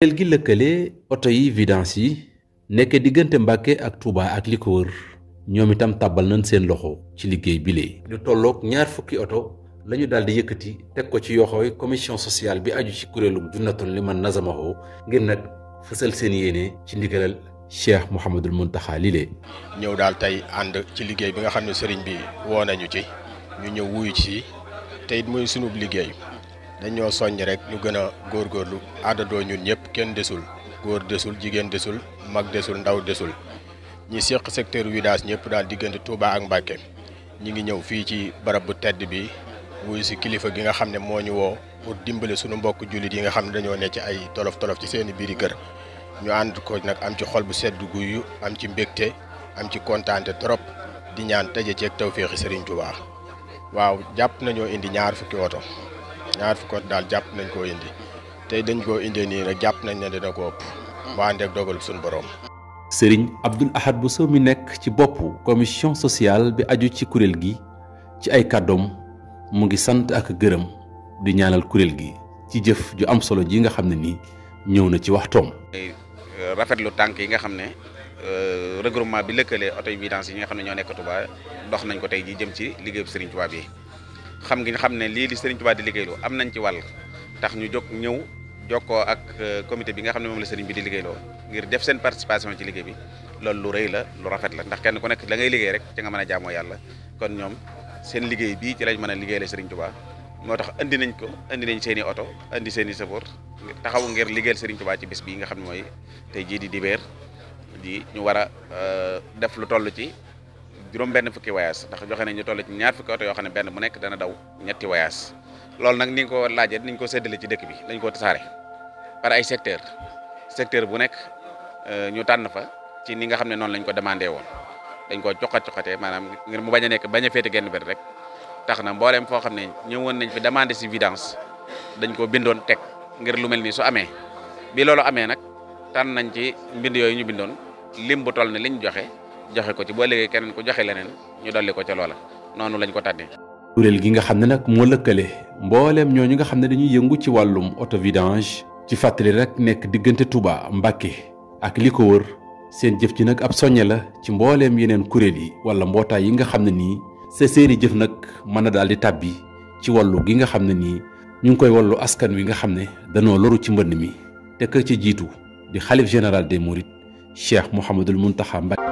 kuréel gi lëkkale oto yi vidange yi nekk diggante Mbàkke ak Touba ak li ko wër ñoom itam tàbbal nañ seen loxo ci liggéey bi bile. lu tolloog ñaar fukki oto la ñu daal di yëkkati teg ko ci yoxooy commission sociale bi aju ci kuréelu Junnatul Liman Nazamaho ngir nag fësal seen yéene ci ndigalal Cheikh Mouhamadul Mountakha lile. ñëw daal tey ànd ci liggéey bi nga xam ne sëriñ bi woo nañu ci ñu ñëw wuyu ci te it muy sunub liggéey. dañoo soññ rek ñu gën a góorlu àndandoo ñun ñëpp kenn desul góor desul jigéen desul mag desul ndaw desul ñi séq secteur village ñëpp daal diggante Touba ak Mbacke ñi ngi ñëw fii ci barab bu tedd bi wuyu si kilifa gi nga xam ne moo ñu woo pour dimbale sunu mbokk jullit yi nga xam ne dañoo ne ci ay tolof tolof ci seeni biiri kër ñu ànd ko nag am ci xol bu sedd yu am ci mbégte am ci kontaante trop di ñaan tëje ceeg tawféexi Serigne tubaax waaw jàpp nañoo indi ñaar fukki oto ñaar fukki at daal jàpp nañ koo indi tey dañ koo indee nii rek jàpp nañ ne dina ko ëpp bu ànd ak dogal suñu borom. Sëriñ Abdul bu Bousso mi nekk ci boppu commission sociale bi aju ci kuréel gi ci ay kàddoom mu ngi sant ak gërëm di ñaanal kuréel gi ci jëf ju am solo ji nga xam ne nii ñëw na ci waxtoom. Euh, rafetlu tànk yi nga xam ne euh, regroupement bi lëkkalee auto vidange yi nga xam ne ñoo nekk Touba dox nañ ko tey ji jëm ci liggéeyu Sëriñ Touba yi xam ngi xam ne lii li Serigne Touba di liggéeyloo am nañ ci wàll tax ñu jóg ñëw jokkoo ak euh, comité bi nga xam ne moom la Serigne bi di liggéeyloo ngir def seen participation ci liggéey bi loolu lu rëy la lu rafet la ndax kenn ku nekk la ngay liggéey rek ci nga mën a jaamoo kon ñoom sen liggéey bii ci lañ mën a liggéeyale Serigne Touba moo tax andi nañ ko andi nañ seen i oto andi seen i taxaw ngir liggéeyal Serigne Touba ci bis bi nga xam ne mooy tey jii di dibeer di ñu war a euh, def lu toll ci juróom benn fukki voyage ndax joxe nañu toll ci ñaar fukki oto yoo xam ne benn bu nekk dana daw ñetti voyage loolu nag ni nga ko laajee niñ ko séddale ci dëkk bi dañ ko tasaare par ay secteur secteur bu nekk euh, ñu tànn fa ci ni nga xam ne noonu lañ ko demandé woon dañ ko coxat coxatee maanaam ngir mu bañ a nekk bañ a féete genn benn rek tax na mbooleem foo xam ne ñëwoon nañ fi demandé si vidange dañ bindon bindoon teg ngir lu mel so su amee bi loolu amee nag tànn nañ ci mbind yooyu ñu bindoon lim bu toll ne liñ joxe joxe ko ci boo léegi keneen ku joxe leneen ñu dolli ko ca loola noonu lañ ko tànnee. kuréel gi nga xam ne nag moo lëkkale mbooleem ñoo ñooñu nga xam ne dañuy yëngu ci wàllum autovidange ci fàttali rek nekk diggante Touba Mbacké ak li ko wër seen jëf ji nag ab soññe la ci mbooleem yeneen kuréel yi wala mbootaay yi nga xam ne nii sa seeni jëf nag mën a daal di tàbbi ci wàllu gi nga xam ne nii ñu ngi koy wallu askan wi nga xam ne danoo loru ci mbënd mi te ci jiitu di xalif général des mourides Cheikh Mouhamadul Mountakha Mbacké